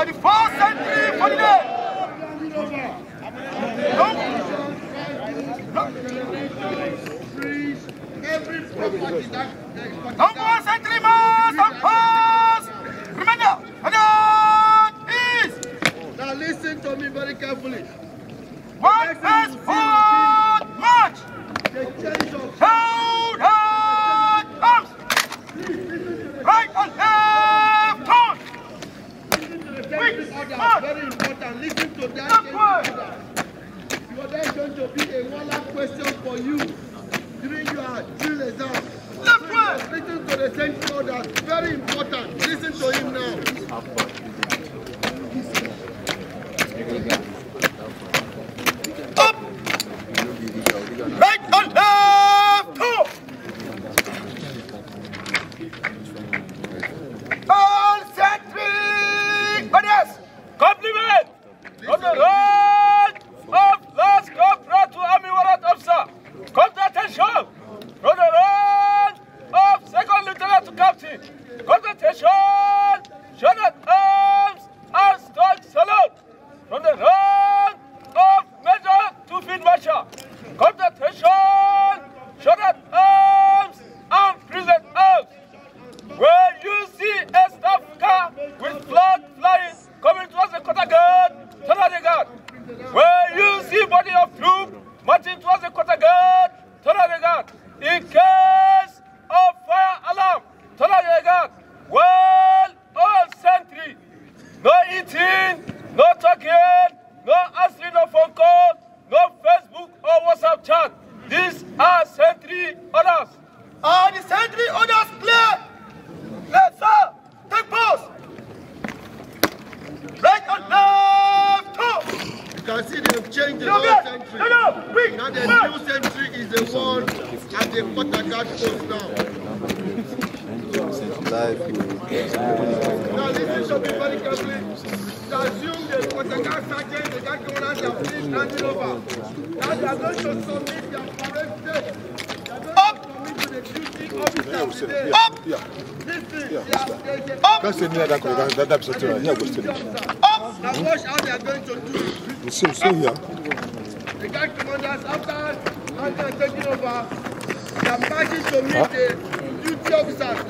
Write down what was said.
21st century holiday. Number century Don't passed. Remember, that is. Now listen to me very carefully. What is to that question. Your there going to be a one last question for you during your drill exam. Listen to the same that very important. Listen to him now. pressure. Concentration. Shoulder arms and prison arms. When you see a staff car with blood flying coming towards the quarter guard, turn the guard. When you see body of troop marching towards the quarter guard, turn the guard. In case of fire alarm, turn the guard. Well, all sentry. No eating, no talking. see, have changed the whole century. No, no, now the new century is the one at the Portugal coast now. now listen to me very carefully. the the guy going out there, please, hand it over. Now they are going to submit their Up! Yeah. Yeah. Up! That's another that that that's what you are going to Up! Now watch how they are going to do it. You see, see here. The gang commanders after after taking over, they are marching to meet huh? the duty officers.